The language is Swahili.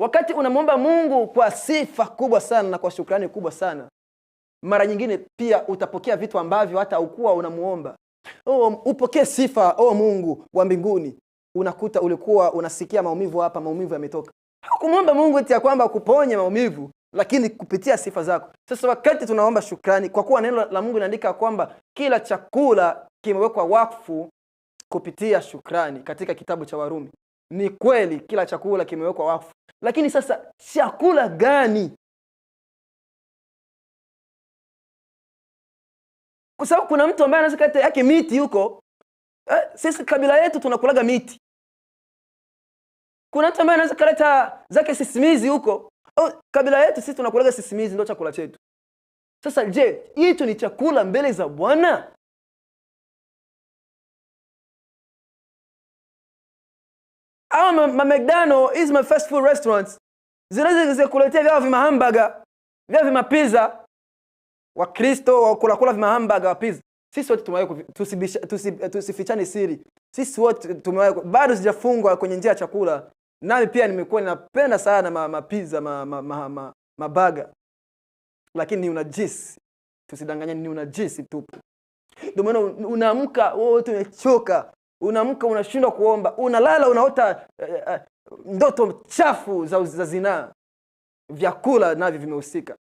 wakati unamwomba mungu kwa sifa kubwa sana na kwa shukrani kubwa sana mara nyingine pia utapokea vitu ambavyo hata ukuwa unamuomba oh, upokee sifa o oh, mungu wa mbinguni unakuta ulikuwa unasikia maumivu hapa maumivu yametoka hakumwomba mungu ti ya kwamba kuponye maumivu lakini kupitia sifa zako sasa wakati tunaomba shukrani kwa kuwa neno la mungu linaandika kwamba kila chakula kimewekwa wakfu kupitia shukrani katika kitabu cha warumi ni kweli kila chakula kimewekwa wakfu lakini sasa chakula gani kwa sababu kuna mtu ambaye anaweza kata yake miti huko eh, sisi kabila yetu tunakulaga miti kuna mtu ambaye anaweza kaleta zake sisimizi huko oh, kabila yetu sisi tunakulaga sisimizi ndo chakula chetu sasa je hicho ni chakula mbele za bwana ama ma McDonald is my fast food restaurants zinaweza zikuletea vyao vimahambaga vyao vimapiza wakristo wakulakula vimahambaga wapiza sisi wote tumewahi tusifichane siri sisi wote tumewahi bado sijafungwa kwenye njia ya chakula nami pia nimekuwa ninapenda sana mapiza ma mabaga ma, ma, ma, ma, ma lakini ni unajisi tusidanganyani ni unajisi tupu ndio maana unaamka wote umechoka unamka unashindwa kuomba unalala unaota uh, uh, ndoto chafu za, za zinaa vyakula navyo vimehusika